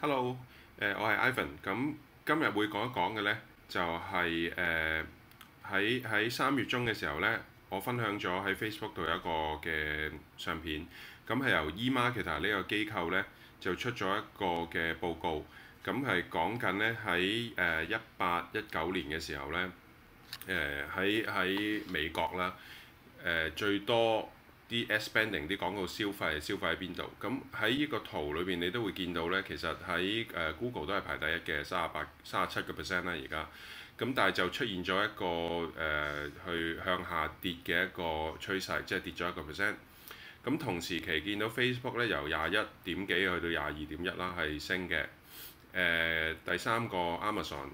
Hello，誒我係 Ivan，咁今日會講一講嘅咧，就係誒喺喺三月中嘅時候咧，我分享咗喺 Facebook 度有一個嘅相片，咁係由 eMarketer 呢個機構咧就出咗一個嘅報告，咁係講緊咧喺誒一八一九年嘅時候咧，誒喺喺美國啦，誒最多啲 ad spending 啲廣告消費消費喺邊度？咁喺呢個圖裏邊，你都會見到呢，其實喺、呃、Google 都係排第一嘅，三十八三十七個 percent 啦。而家咁，但係就出現咗一個誒、呃、去向下跌嘅一個趨勢，即係跌咗一個 percent。咁同時期見到 Facebook 呢，由廿一點幾去到廿二點一啦，係升嘅。誒，第三個 Amazon。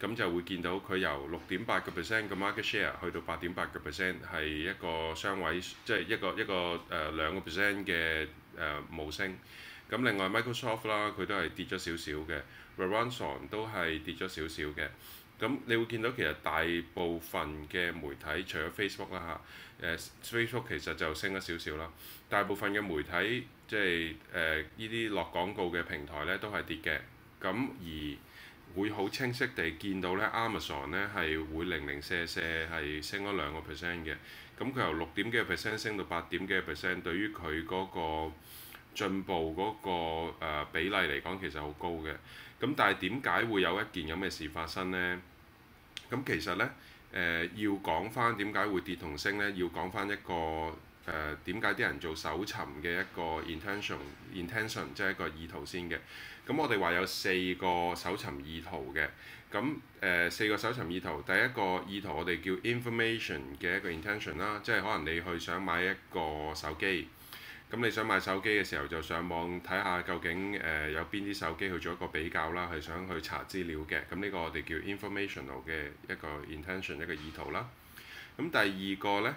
咁就會見到佢由六點八個 percent 嘅 market share 去到八點八個 percent，係一個雙位，即、就、係、是、一個一個誒兩個 percent 嘅誒無升。咁另外 Microsoft 啦，佢都係跌咗少少嘅，Verizon 都係跌咗少少嘅。咁你會見到其實大部分嘅媒體，除咗 Facebook 啦、呃、嚇，誒 Facebook 其實就升咗少少啦。大部分嘅媒體即係誒呢啲落廣告嘅平台咧，都係跌嘅。咁而會好清晰地見到咧，Amazon 咧係會零零舍舍係升咗兩個 percent 嘅，咁佢由六點幾 percent 升到八點幾 percent，對於佢嗰個進步嗰、嗰個、呃、比例嚟講，其實好高嘅。咁但係點解會有一件咁嘅事發生呢？咁其實呢，誒、呃、要講返點解會跌同升呢？要講返一個。誒點解啲人做搜尋嘅一個 intention intention 即係一個意圖先嘅。咁我哋話有四個搜尋意圖嘅。咁誒、呃、四個搜尋意圖，第一個意圖我哋叫 information 嘅一個 intention 啦，即係可能你去想買一個手機。咁你想買手機嘅時候就上網睇下究竟誒、呃、有邊啲手機去做一個比較啦，係想去查資料嘅。咁呢個我哋叫 informational 嘅一個 intention 一個意圖啦。咁第二個呢？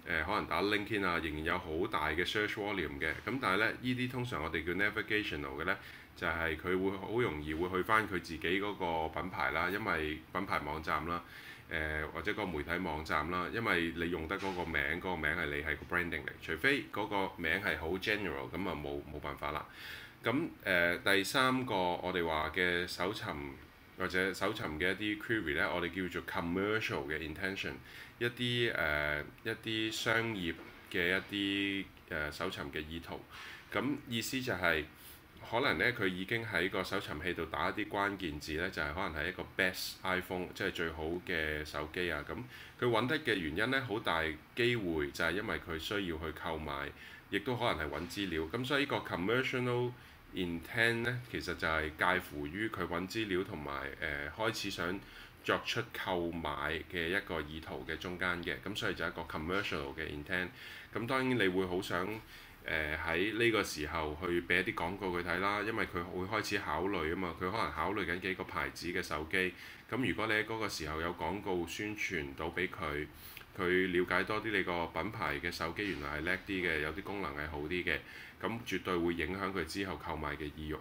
誒、呃、可能打 LinkedIn 啊，仍然有好大嘅 search volume 嘅、啊、咁，但係咧呢啲通常我哋叫 navigational 嘅咧，就係、是、佢會好容易會去返佢自己嗰個品牌啦，因為品牌網站啦，誒、呃、或者嗰個媒體網站啦，因為你用得嗰個名，嗰、那個名係你係個 branding 嚟，除非嗰個名係好 general，咁啊冇冇辦法啦。咁誒、呃、第三個我哋話嘅搜尋。或者搜尋嘅一啲 query 咧，我哋叫做 commercial 嘅 intention，一啲誒、呃、一啲商業嘅一啲誒、呃、搜尋嘅意圖。咁意思就係、是、可能咧，佢已經喺個搜尋器度打一啲關鍵字咧，就係、是、可能係一個 best iPhone，即係最好嘅手機啊。咁佢揾得嘅原因咧，好大機會就係、是、因為佢需要去購買，亦都可能係揾資料。咁所以呢個 commercial intent 咧，其實就係介乎於佢揾資料同埋誒，開始想作出購買嘅一個意圖嘅中間嘅，咁、嗯、所以就係一個 commercial 嘅 intent、嗯。咁當然你會好想誒，喺呢個時候去俾一啲廣告佢睇啦，因為佢會開始考慮啊嘛，佢可能考慮緊幾個牌子嘅手機。咁、嗯、如果你喺嗰個時候有廣告宣傳到俾佢。佢了解多啲你個品牌嘅手機，原來係叻啲嘅，有啲功能係好啲嘅，咁絕對會影響佢之後購買嘅意欲。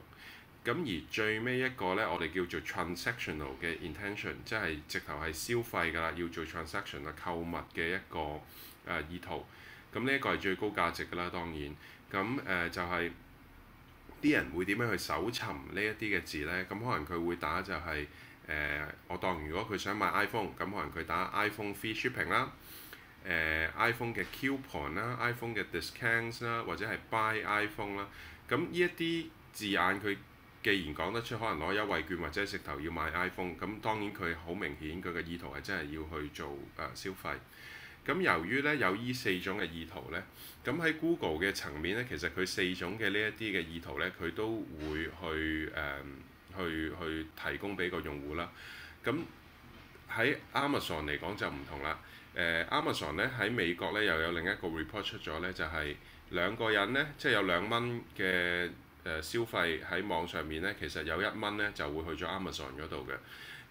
咁而最尾一個呢，我哋叫做 transactional 嘅 intention，即係直頭係消費㗎啦，要做 transaction 啊購物嘅一個、呃、意圖。咁呢一個係最高價值㗎啦，當然。咁誒、呃、就係、係、啲人會點樣去搜尋呢一啲嘅字呢？咁可能佢會打就係、係。誒、呃，我當如果佢想買 iPhone，咁可能佢打 iPhone free shipping 啦、呃，誒 iPhone 嘅 coupon 啦，iPhone 嘅 discounts 啦，或者係 buy iPhone 啦，咁呢一啲字眼佢既然講得出，可能攞優惠券或者直頭要買 iPhone，咁當然佢好明顯佢嘅意圖係真係要去做誒、呃、消費。咁由於咧有呢四種嘅意圖咧，咁喺 Google 嘅層面咧，其實佢四種嘅呢一啲嘅意圖咧，佢都會去誒。呃去去提供俾個用戶啦。咁喺 Amazon 嚟講就唔同啦。誒，Amazon 咧喺美國咧又有另一個 report 出咗咧，就係兩個人咧，即係有兩蚊嘅誒消費喺網上面咧，其實有一蚊咧就會去咗 Amazon 嗰度嘅。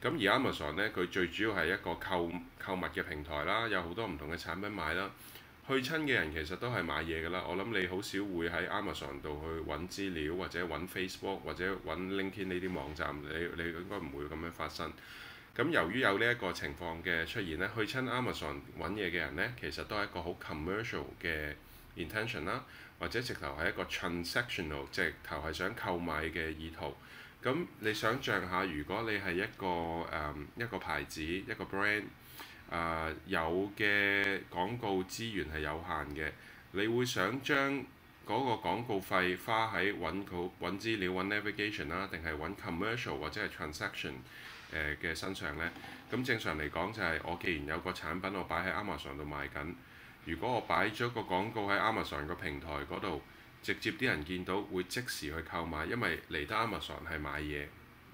咁而 Amazon 咧，佢最主要係一個購購物嘅平台啦，有好多唔同嘅產品買啦。去親嘅人其實都係買嘢㗎啦，我諗你好少會喺 Amazon 度去揾資料或者揾 Facebook 或者揾 LinkedIn 呢啲網站，你你應該唔會咁樣發生。咁由於有呢一個情況嘅出現咧，去親 Amazon 揾嘢嘅人呢，其實都係一個好 commercial 嘅 intention 啦，或者直頭係一個 transactional，直頭係想購買嘅意圖。咁你想像下，如果你係一個誒、嗯、一個牌子一個 brand。誒、uh, 有嘅廣告資源係有限嘅，你會想將嗰個廣告費花喺揾佢，揾資料揾 navigation 啦、啊，定係揾 commercial 或者係 transaction 嘅、啊、身上呢？咁正常嚟講就係、是、我既然有個產品我擺喺 Amazon 度賣緊，如果我擺咗一個廣告喺 Amazon 個平台嗰度，直接啲人見到會即時去購買，因為嚟得 Amazon 係買嘢，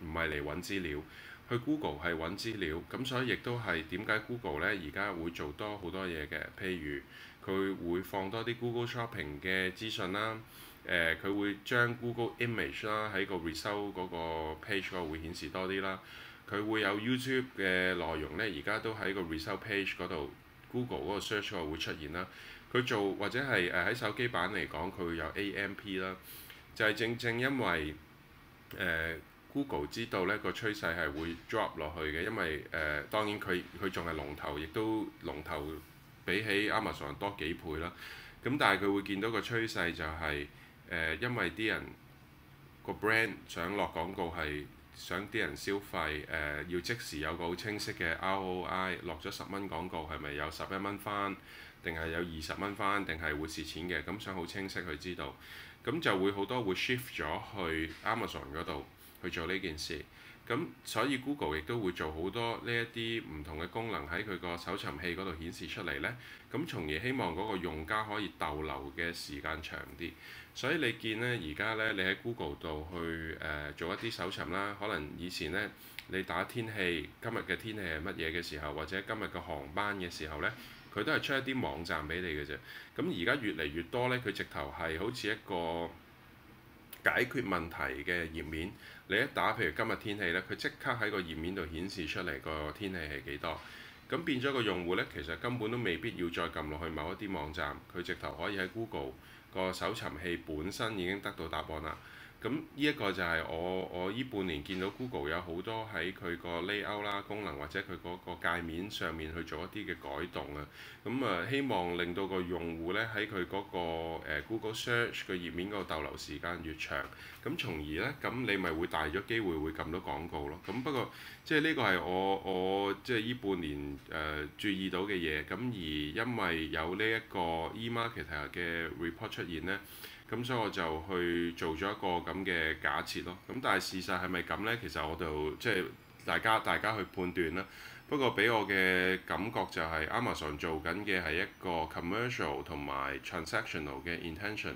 唔係嚟揾資料。去 Google 係揾資料，咁所以亦都係點解 Google 咧而家會做多好多嘢嘅？譬如佢會放多啲 Google Shopping 嘅資訊啦，誒、呃、佢會將 Google Image 啦喺個 result 嗰個 page 嗰會顯示多啲啦，佢會有 YouTube 嘅內容咧，而家都喺個 result page 度、那個、Google 嗰個 search 嗰會出現啦。佢做或者係誒喺手機版嚟講，佢會有 AMP 啦，就係、是、正正因為誒。呃 Google 知道呢個趨勢係會 drop 落去嘅，因為誒、呃、當然佢佢仲係龍頭，亦都龍頭比起 Amazon 多幾倍啦。咁但係佢會見到個趨勢就係、是、誒、呃，因為啲人個 brand 想落廣告係想啲人消費誒、呃，要即時有個好清晰嘅 ROI，落咗十蚊廣告係咪有十一蚊返，定係有二十蚊返，定係會蝕錢嘅咁，想好清晰去知道，咁就會好多會 shift 咗去 Amazon 嗰度。去做呢件事，咁所以 Google 亦都會做好多呢一啲唔同嘅功能喺佢個搜尋器嗰度顯示出嚟呢，咁從而希望嗰個用家可以逗留嘅時間長啲。所以你見呢，而家呢，你喺 Google 度去誒、呃、做一啲搜尋啦，可能以前呢，你打天氣，今日嘅天氣係乜嘢嘅時候，或者今日嘅航班嘅時候呢，佢都係出一啲網站俾你嘅啫。咁而家越嚟越多呢，佢直頭係好似一個。解決問題嘅頁面，你一打，譬如今日天氣呢，佢即刻喺個頁面度顯示出嚟個天氣係幾多，咁變咗個用戶呢，其實根本都未必要再撳落去某一啲網站，佢直頭可以喺 Google 個搜尋器本身已經得到答案啦。咁呢一個就係我我依半年見到 Google 有好多喺佢個 layout 啦，功能或者佢嗰個界面上面去做一啲嘅改動啊，咁啊、呃、希望令到個用戶咧喺佢嗰個、呃、Google Search 嘅頁面嗰個逗留時間越長，咁從而咧咁你咪會大咗機會會撳到廣告咯。咁不過即係呢個係我我即係依半年誒、呃、注意到嘅嘢，咁而因為有呢一個 eMarketer 嘅 report 出現咧。咁所以我就去做咗一個咁嘅假設咯。咁但係事實係咪咁呢？其實我就即係大家大家去判斷啦。不過俾我嘅感覺就係 Amazon 做緊嘅係一個 commercial 同埋 transactional 嘅 intention。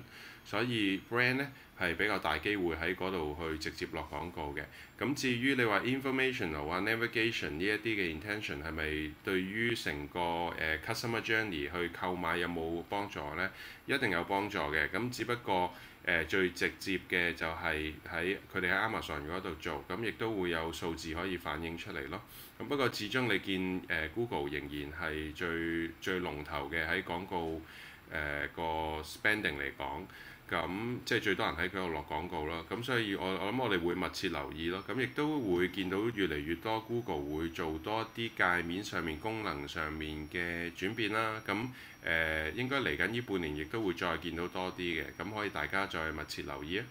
所以 brand 咧係比較大機會喺嗰度去直接落廣告嘅。咁至於你話 information 啊 navigation 呢一啲嘅 intention 係咪對於成個誒、呃、customer journey 去購買有冇幫助咧？一定有幫助嘅。咁只不過誒、呃、最直接嘅就係喺佢哋喺 Amazon 度做，咁亦都會有數字可以反映出嚟咯。咁不過始終你見誒、呃、Google 仍然係最最龍頭嘅喺廣告誒、呃、個 spending 嚟講。咁即係最多人喺佢度落廣告啦，咁所以我我諗我哋會密切留意咯，咁亦都會見到越嚟越多 Google 會做多啲界面上面功能上面嘅轉變啦，咁誒、呃、應該嚟緊呢半年亦都會再見到多啲嘅，咁可以大家再密切留意吖。